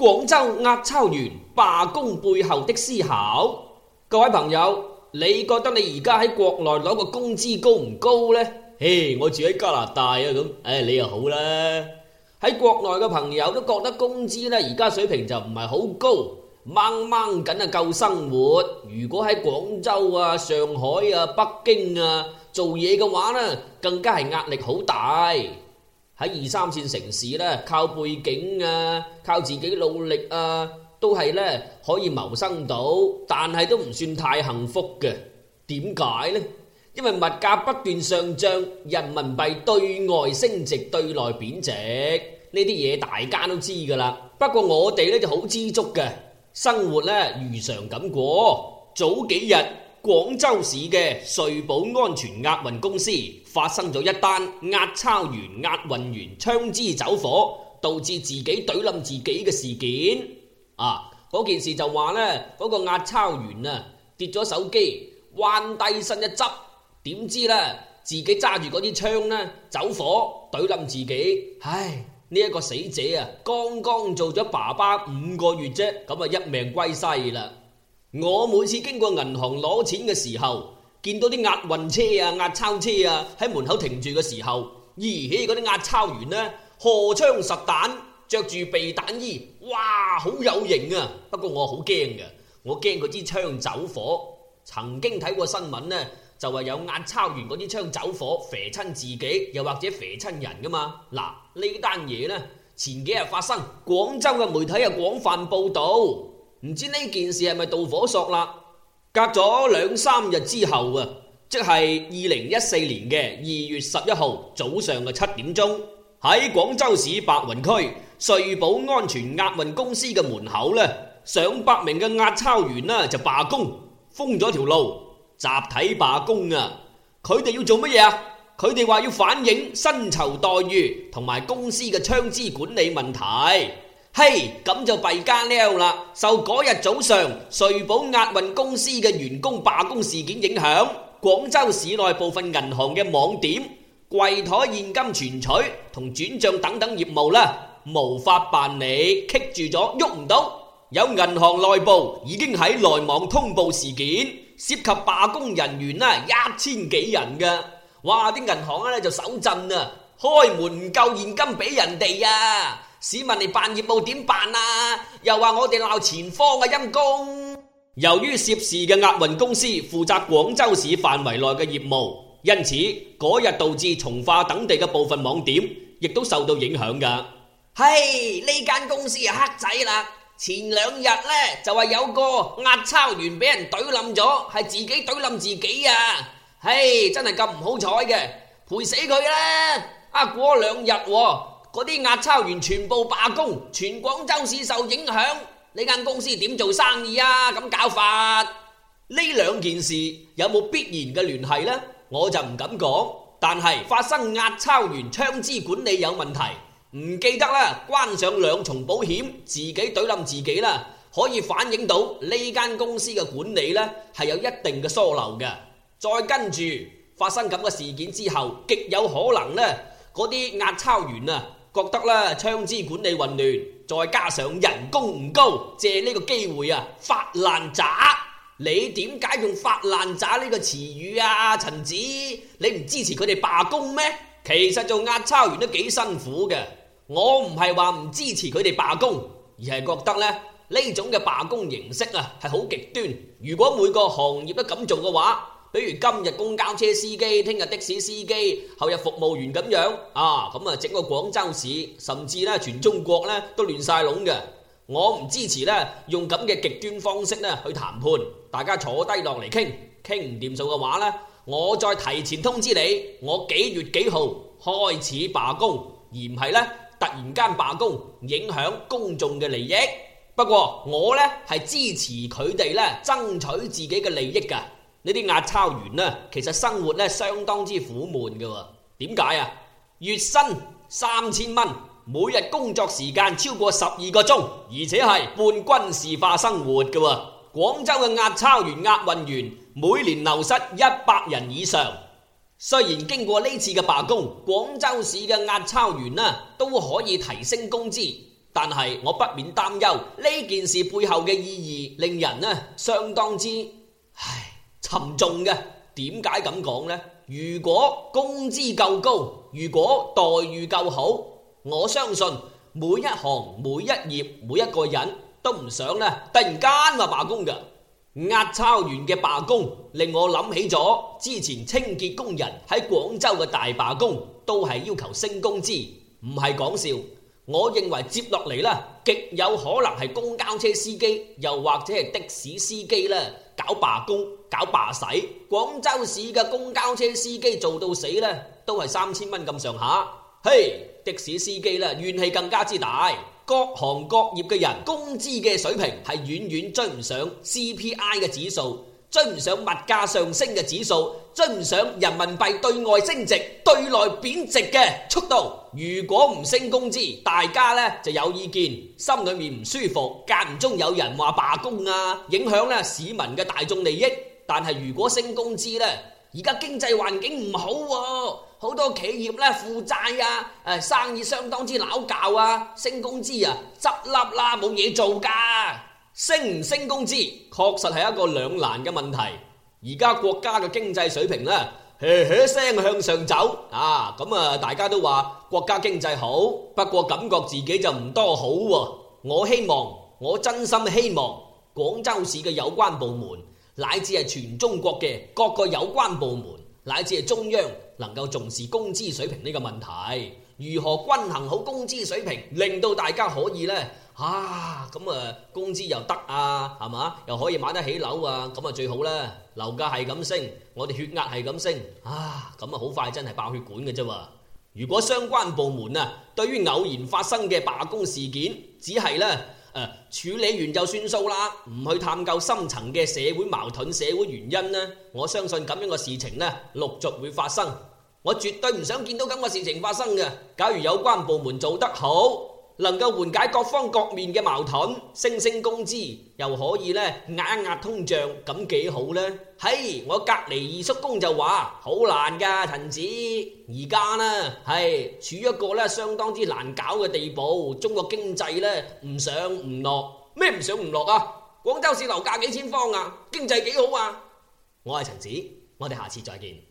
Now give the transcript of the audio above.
廣州押鈔員罷工背後的思考，各位朋友，你覺得你而家喺國內攞個工資高唔高呢？嘿，我住喺加拿大啊咁，誒、哎，你又好啦。喺國內嘅朋友都覺得工資呢而家水平就唔係好高，掹掹緊啊，夠生活。如果喺廣州啊、上海啊、北京啊做嘢嘅話呢，更加係壓力好大。喺二三線城市呢，靠背景啊，靠自己努力啊，都係呢可以謀生到，但係都唔算太幸福嘅。點解呢？因為物價不斷上漲，人民幣對外升值，對內貶值，呢啲嘢大家都知㗎啦。不過我哋呢就好知足嘅生活呢，如常咁過。早幾日，廣州市嘅瑞寶安全押運公司發生咗一單押鈔員押運員槍支走火，導致自己懟冧自己嘅事件。嗰、啊、件事就話呢，嗰、那個押鈔員啊跌咗手機，彎低身一執，點知呢？自己揸住嗰啲槍呢，走火，懟冧自己。唉，呢、這、一個死者啊，剛剛做咗爸爸五個月啫，咁啊一命歸西啦。我每次經過銀行攞錢嘅時候，見到啲押運車啊、押鈔車啊喺門口停住嘅時候，咦，且嗰啲押鈔員呢，荷槍實彈，着住避彈衣，哇，好有型啊！不過我好驚嘅，我驚嗰支槍走火。曾經睇過新聞呢，就話有押鈔員嗰支槍走火，射親自己，又或者射親人噶嘛。嗱，呃，呢單嘢呢，前幾日發生，廣州嘅媒體又廣泛報道。唔知呢件事係咪導火索啦？隔咗兩三日之後啊，即係二零一四年嘅二月十一號早上嘅七點鐘，喺廣州市白雲區穗保安全押運公司嘅門口呢，上百名嘅押鈔員呢就罷工，封咗條路，集體罷工啊！佢哋要做乜嘢啊？佢哋話要反映薪酬待遇同埋公司嘅槍支管理問題。嘿，咁就弊家伙啦！受嗰日早上瑞寶押運公司嘅員工罷工事件影響，廣州市內部分銀行嘅網點櫃台現金存取同轉賬等等業務啦，無法辦理，棘住咗，喐唔到。有銀行內部已經喺內網通報事件，涉及罷工人員啦一千幾人㗎。哇！啲銀行咧就手震啊，開門唔夠現金俾人哋啊！市民嚟辦業務點辦啊？又話我哋鬧前方嘅陰公。由於涉事嘅押運公司負責廣州市範圍內嘅業務，因此嗰日導致從化等地嘅部分網點亦都受到影響噶。嘿，呢間公司啊，黑仔啦！前兩日呢就話有個押鈔員俾人懟冧咗，係自己懟冧自己啊！嘿，真係咁唔好彩嘅，賠死佢啦！啊，過兩日。嗰啲押鈔員全部罷工，全廣州市受影響，呢間公司點做生意啊？咁搞法，呢兩件事有冇必然嘅聯繫呢？我就唔敢講。但係發生押鈔員槍支管理有問題，唔記得啦，關上兩重保險，自己懟冧自己啦，可以反映到呢間公司嘅管理呢係有一定嘅疏漏嘅。再跟住發生咁嘅事件之後，極有可能呢，嗰啲押鈔員啊！覺得咧槍支管理混亂，再加上人工唔高，借呢個機會啊發爛渣。你點解用發爛渣呢個詞語啊？陳子，你唔支持佢哋罷工咩？其實做押鈔員都幾辛苦嘅。我唔係話唔支持佢哋罷工，而係覺得呢呢種嘅罷工形式啊係好極端。如果每個行業都咁做嘅話。比如，今日公交車司機，聽日的士司機，後日服務員咁樣啊，咁啊，整個廣州市甚至呢全中國呢都亂晒籠嘅。我唔支持呢用咁嘅極端方式呢去談判，大家坐低落嚟傾，傾唔掂數嘅話呢，我再提前通知你，我幾月幾號開始罷工，而唔係呢突然間罷工影響公眾嘅利益。不過我呢係支持佢哋呢爭取自己嘅利益噶。呢啲押鈔員呢，其實生活呢相當之苦悶嘅。點解啊？月薪三千蚊，每日工作時間超過十二個鐘，而且係半軍事化生活嘅。廣州嘅押鈔員、押運員每年流失一百人以上。雖然經過呢次嘅罷工，廣州市嘅押鈔員呢都可以提升工資，但係我不免擔憂呢件事背後嘅意義，令人呢相當之。沉重嘅，點解咁講呢？如果工資夠高，如果待遇夠好，我相信每一行、每一業、每一個人都唔想咧，突然間話罷工嘅押鈔員嘅罷工，令我諗起咗之前清潔工人喺廣州嘅大罷工，都係要求升工資，唔係講笑。我認為接落嚟呢，極有可能係公交車司機，又或者係的士司機呢，搞罷工、搞罷洗。廣州市嘅公交車司機做到死呢，都係三千蚊咁上下。嘿，的士司機呢，怨氣更加之大。各行各業嘅人工資嘅水平係遠遠追唔上 CPI 嘅指數。追唔上物價上升嘅指數，追唔上人民幣對外升值、對內貶值嘅速度。如果唔升工資，大家咧就有意見，心裏面唔舒服，間唔中有人話罷工啊，影響咧市民嘅大眾利益。但係如果升工資咧，而家經濟環境唔好，好多企業咧負債啊，誒生意相當之拗教啊，升工資啊，執笠啦，冇嘢做㗎。升唔升工資，確實係一個兩難嘅問題。而家國家嘅經濟水平咧，聲向上走啊！咁啊，大家都話國家經濟好，不過感覺自己就唔多好啊。我希望，我真心希望廣州市嘅有關部門，乃至係全中國嘅各個有關部門，乃至係中央，能夠重視工資水平呢個問題，如何均衡好工資水平，令到大家可以呢。啊，咁、嗯、啊，工資又得啊，係嘛？又可以買得起樓啊，咁啊最好啦。樓價係咁升，我哋血壓係咁升，啊，咁啊好快真係爆血管嘅啫。如果相關部門啊，對於偶然發生嘅罷工事件，只係呢，誒、啊、處理完就算數啦，唔去探究深層嘅社會矛盾、社會原因呢。我相信咁樣嘅事情呢，陸續會發生。我絕對唔想見到咁嘅事情發生嘅。假如有關部門做得好，能夠緩解各方各面嘅矛盾，升升工資又可以呢壓一壓通脹，咁幾好呢？係、hey, 我隔籬二叔公就話好難噶，陳子而家呢係處於一個呢相當之難搞嘅地步。中國經濟呢，唔上唔落，咩唔上唔落啊？廣州市樓價幾千方啊？經濟幾好啊？我係陳子，我哋下次再見。